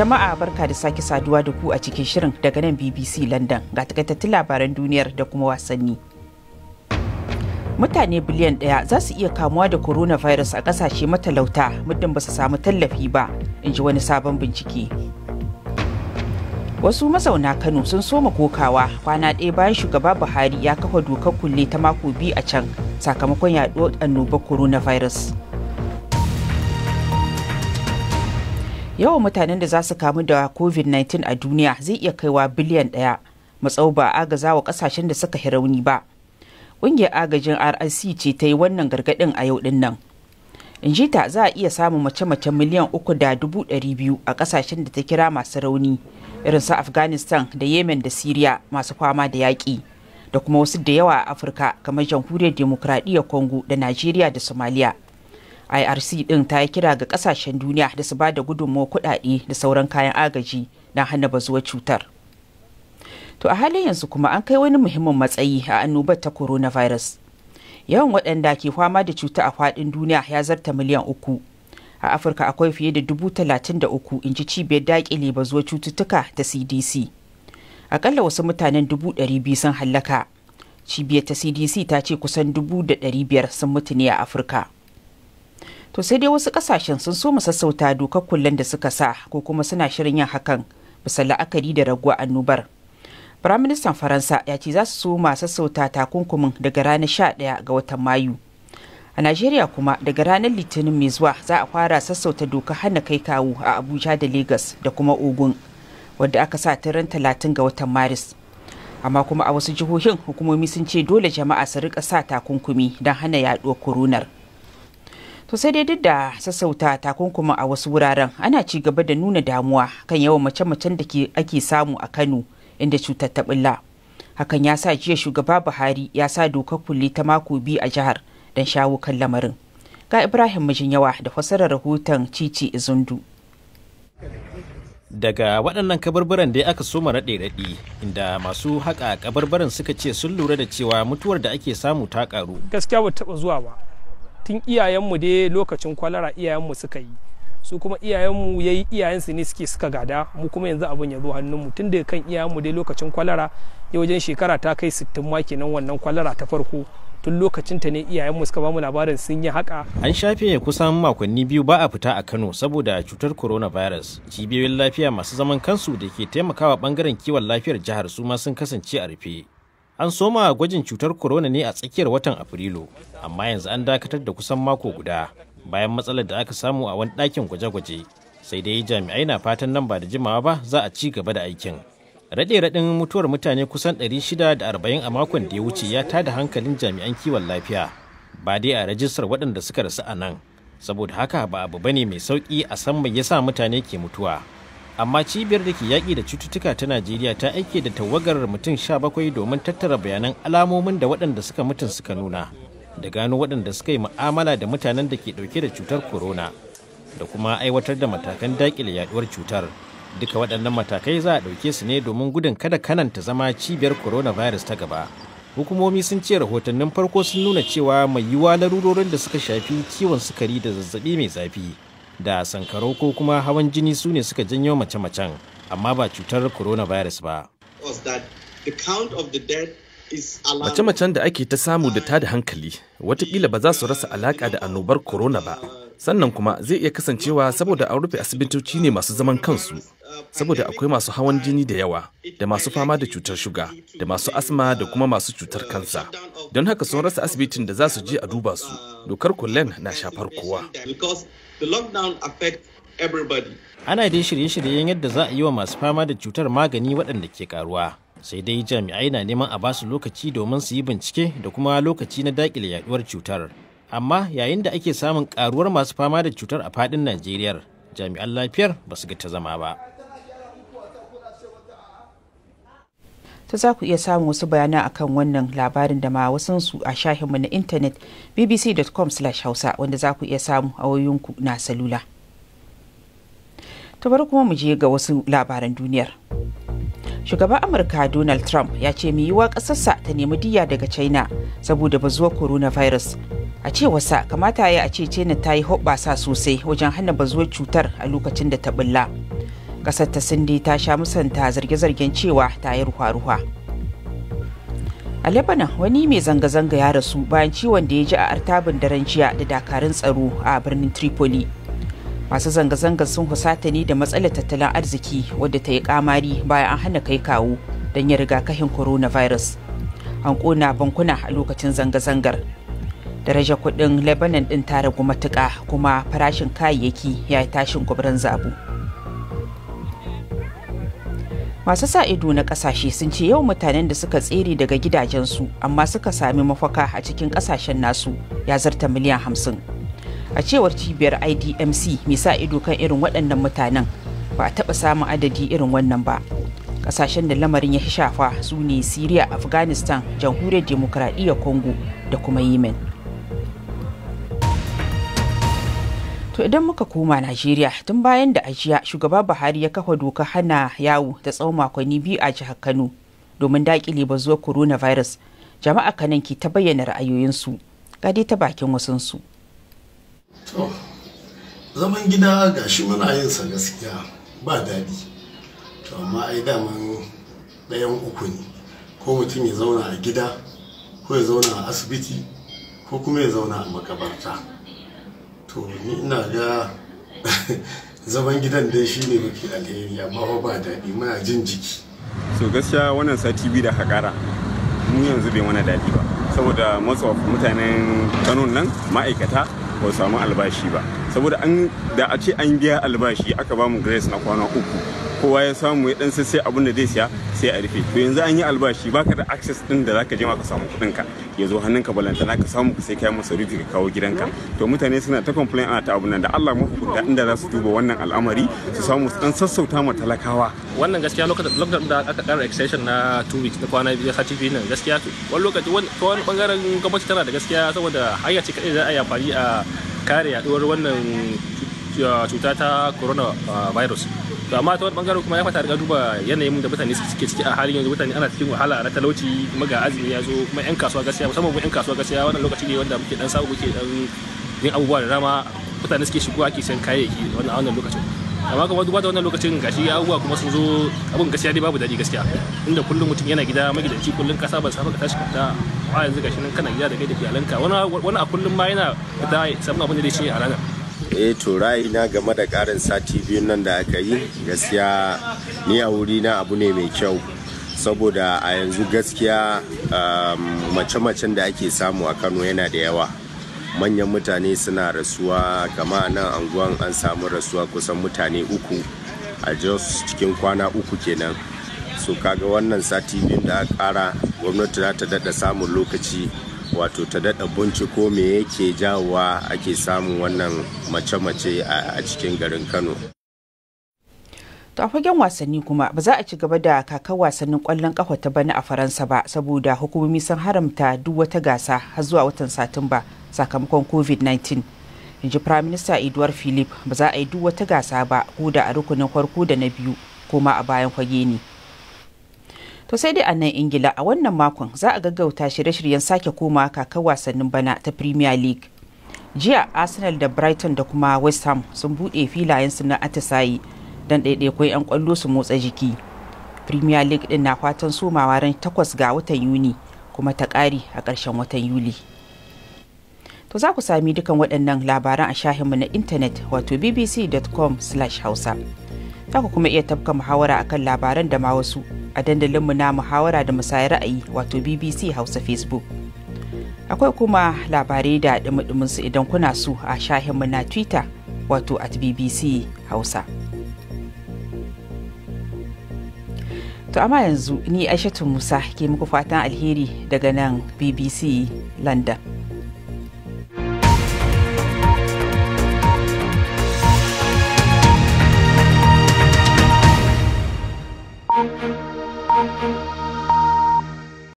jama'a barka da sake saduwa da ku a cikin shirin daga nan bbc london ga takaitattun labaran duniyar da kuma wasanni mutane biliyan ɗaya za su iya kamuwa da coronavirus a ƙasashe matalauta muddin ba su samu tallafi ba in ji wani sabon bincike wasu mazauna kano sun soma kokawa kwana ɗaya bayan shugaba buhari ya kafa dokar kulle ta mako biyu a can sakamakon yaɗuwar annobar coronavirus yawan mutanen da za su kamu da covid-19 a duniya zai iya kaiwa biliyan ɗaya matsau ba a agaza wa ƙasashen da suka rauni ba ƙungiyar agajin rrc ce ta yi wannan gargadin a yau ɗin nan in ji ta za a iya samun mace-mace miliyan uku da dubu ɗari biyu a ƙasashen da ta kira masu rauni irin su afghanistan da yemen da syria masu fama da yaƙi da kuma wasu da yawa a afirka kamar jamhuriyar demokradiyyar congo da najeriya da somalia irc din ta yi kira ga ƙasashen duniya da su ba da gudunmawa kuɗaɗe da sauran kayan agaji na hana bazuwar cutar. to a halin yanzu kuma an kai wani muhimmin matsayi a annobar ta coronavirus yawan waɗanda ke fama da cuta a faɗin duniya ya zarta miliyan uku a afirka akwai fiye da dubu talatin da uku in ji cibiyar daƙile bazuwar cututtuka ta cdc akalla wasu mutanen dubu ɗari biyu sun hallaka cibiyar ta cdc ta ce kusan dubu da ɗari biyar sun mutu ne a afirka to sai dai wasu ƙasashen sun so mu sassauta dokar kullen da suka sa ko kuma suna shirin yin hakan bisa la'akari da raguwa annobar Firaministan Faransa ya ce za su so masu sauta takunkumin daga ranar 11 ga watan Mayu. A Najeriya kuma daga ranar Litinin mai zuwa za a fara sassauta doka hana kai kawo a Abuja da Legas da kuma Ogun wadda aka sa ta ran 30 ga watan Maris. Amma kuma a wasu jihohin hukumomi sun ce dole jama'a su rika sa takunkumi don hana yaduwar koronar. To sai dai duk da sassauta takunkumin a wasu wuraren ana ci gaba da nuna damuwa kan yawan mace-macen da ake samu a Kano. inda cutar ta bulla hakan ya sa jiya shugaba buhari ya sa dokar kulle ta mako biyu a jihar don shawo kan lamarin ga ibrahim mijinyawa da fasarar rahoton cici izundu daga waɗannan kabarbaran da aka soma raɗe raɗe inda masu haƙa kabarbaran suka ce sun lura da cewa mutuwar da ake samu ta ƙaru gaskiya ba taɓa zuwa ba tun iyayenmu dai lokacin kwalara iyayenmu suka yi su kuma iyayenmu ya yi iyayensu ne suke suka gada mu kuma yanzu abin ya zo hannunmu tun da kan iyayenmu dai lokacin kwalara ya wajen shekara ta kai sittin ma kenan wannan kwalara ta farko tun lokacin ta ne iyayenmu suka bamu labarin sun yi haka. An shafe ya kusan makonni biyu ba a fita a Kano saboda cutar coronavirus. Cibiyoyin lafiya masu zaman kansu da ke taimakawa bangaren kiwon lafiyar jihar su ma sun kasance a rufe. An soma gwajin cutar corona ne a tsakiyar watan Afrilu, amma yanzu an dakatar da kusan mako guda. bayan matsalar da aka samu a wani ɗakin gwaje-gwaje sai dai jami'ai na fatan nan ba da jimawa ba za a ci gaba da aikin raɗe-raɗin mutuwar mutane kusan ɗari shida da arba'in a makon da ya wuce ya tada hankalin jami'an kiwon lafiya ba dai a rajistar waɗanda suka rasu a nan saboda haka ba abu ne mai sauƙi a san mai yasa mutane ke mutuwa amma cibiyar da ke yaƙi da cututtuka ta najeriya ta aike da tawagar mutum 17 domin tattara bayanan alamomin da waɗanda suka mutun suka nuna da gano waɗanda suka yi mu'amala da mutanen da ke ɗauke da cutar corona da kuma aiwatar da matakan daƙile yaduwar cutar duka waɗannan matakai za a ɗauke su ne domin gudun kada kananta zama cibiyar coronavirus ta gaba hukumomi sun ce rahotannin farko sun nuna cewa mai yiwuwa larurorin da suka shafi ciwon sukari da zazzabi mai zafi da sankarau ko kuma hawan jini su ne suka janyo mace-macen amma ba cutar coronavirus ba. Mace-macen da ake ta samu da ta da hankali watakila ba za su rasa alaƙa da annobar corona ba. Sannan kuma zai iya kasancewa saboda an rufe asibitoci ne masu zaman kansu, saboda akwai masu hawan jini da yawa, da masu fama da cutar shuga, da masu asma da kuma masu cutar kansa. Don haka sun rasa asibitin da za su je a duba su, dokar kullen na shafar kowa. Ana dai shirye-shiryen yadda za a yi wa masu fama da cutar magani waɗanda ke karuwa. sai dai jami'ai na neman a basu lokaci domin su yi bincike da kuma lokaci na dakile yaduwar cutar amma yayin da ake samun karuwar masu fama da cutar a fadin najeriya jami'an lafiyar ba su ga ta zama ba ta za ku iya samun wasu bayana akan wannan labarin da ma wasansu a shahinmu na intanet bbc.com/hausa wanda za ku iya samu a wayoyinku na salula. ta bari kuma mu je ga wasu labaran duniyar. shugaban amurka donald trump ya ce yi wa ƙasarsa ta nemi diya daga china saboda bazuwar coronavirus a cewarsa kamata ya a ce china ta yi hoɓɓasa sosai wajen hana bazuwar cutar a lokacin da ta ɓulla, ƙasar ta sindi ta sha musanta zarge-zargen cewa ta yi ruwa-ruwa a lebanon wani mai zanga-zanga ya rasu bayan ciwon da ya ji a artabin daren jiya da dakarun tsaro a birnin tripoli masu zanga-zanga sun husata ne da matsalar tattalin arziki wadda ta yi kamari bayan an hana kai kawo don ya rigakafin coronavirus an kona bankuna a lokacin zanga-zangar daraja kudin lebanon din ta ragu matuka kuma farashin kayayyaki ya yi tashin gwabran zabu masu sa ido na kasashe sun ce yau mutanen da suka tsere daga gidajensu amma suka sami mafaka a cikin kasashen nasu ya zarta miliyan hamsin. a cewar cibiyar idmc mai sa ido kan irin waɗannan mutanen ba a taɓa samun adadi irin wannan ba ƙasashen da lamarin ya shafa su ne syria afghanistan jamhuriyar demokuraɗiyyar congo da kuma yemen to idan muka koma najeriya tun bayan da ajiya shugaba buhari ya kafa doka hana yawo da tsawon makonni biyu a jihar kano domin daƙile bazuwar coronavirus jama'a kanan ke ta bayyana ra'ayoyinsu ga dai ta bakin wasansu. To, zaman gida ga shi muna yin sa gaskiya ba daɗi. To, amma ai daman ɗayan uku ne, ko mutum ya zauna a gida, ko ya zauna a asibiti, ko kuma ya zauna a makabarta. To, ni ina ga zaman gidan dai shi ne mafi alheri, amma ba daɗi muna jin jiki. So gaskiya wannan sati biyu da haƙara, mu yanzu bai mana daɗi ba. saboda most of mutanen kanun nan ma'aikata ba samu albashi ba saboda an da a ce an biya albashi aka ba mu grace na kwana uku kowa ya samu ya dan sai abin da zai siya sai a rufe to yanzu an yi albashi baka da access din da zaka je ma ka samu kuɗin ka ya zo hannunka balantana ka samu ka sai masa rufi ka kawo gidanka to mutane suna ta complain ana ta abunan da Allah da inda za su duba wannan al'amari su samu su dan sassauta ma talakawa wannan gaskiya lokacin da aka kara extension na 2 weeks na kwana biyu sati biyu nan gaskiya wani lokaci ta wani bangaren gwamnati tana da gaskiya saboda hanya ce kadai za a yi amfani a kare yaduwar wannan uh, cuta ta coronavirus to amma ta wani bangaren kuma ya fata riga duba yanayin da mutane suke ciki a halin yanzu mutane ana cikin wahala na talauci kuma ga azumi ya zo kuma yan kasuwa gaskiya musamman yan kasuwa gaskiya wannan lokaci ne wanda muke dan samu muke dan yin abubuwa da dama mutane suke shigo ake sayan kayayyaki wannan wannan lokacin amma kuma duba da wannan lokacin gashi abubuwa kuma sun zo abun gaskiya dai babu daɗi gaskiya inda kullum mutum yana gida magidanci kullum kasa ban safa ka tashi ka a yanzu gashi nan kana gida da kai da fiyalanka wani a kullum ma yana da sabon abin da zai ci a ranar eh to na game da karin sati biyu nan da aka yi gaskiya ni a wuri na abu ne mai kyau saboda a yanzu gaskiya um, mace-macen da ake samu a kano yana da yawa manyan mutane suna rasuwa kama nan anguwan an samu rasuwa kusan mutane uku a jos cikin kwana uku kenan so kaga wannan sati biyun da aka kara gwamnati za ta daɗa samun lokaci wato ta daɗa binciko me yake jawowa ake samun wannan mace-mace a cikin garin kano to a fagen wasanni kuma ba za a ci gaba da kakar wasannin kwallon kafa ta bana a faransa ba saboda hukumomi sun haramta duk wata gasa har zuwa watan satumba sakamakon covid-19 in ji prime minister edward philip ba za a yi duk wata gasa ba ko da a rukunin farko da na biyu ko ma a bayan fage ne To sai dai a nan Ingila a wannan makon za a gaggauta shirye-shiryen sake koma kakar wasannin bana ta Premier League. Jiya Arsenal da Brighton da kuma West Ham sun buɗe su na atisayi don ɗaiɗaikun 'yan kwallo su motsa jiki. Premier League ɗin na fatan somawa ran takwas ga watan Yuni kuma ta ƙari a ƙarshen watan Yuli. To za ku sami dukan waɗannan labaran a shahinmu na intanet wato bbc.com/hausa. Za ku kuma iya tafka muhawara akan labaran da ma wasu a dandalinmu na muhawara da musayar ra'ayi wato BBC Hausa Facebook. Akwai kuma labarai da su idan kuna su a shahinmu na Twitter wato at BBC Hausa. To amma yanzu ni Aishatu Musa ke muku fatan alheri daga nan BBC London.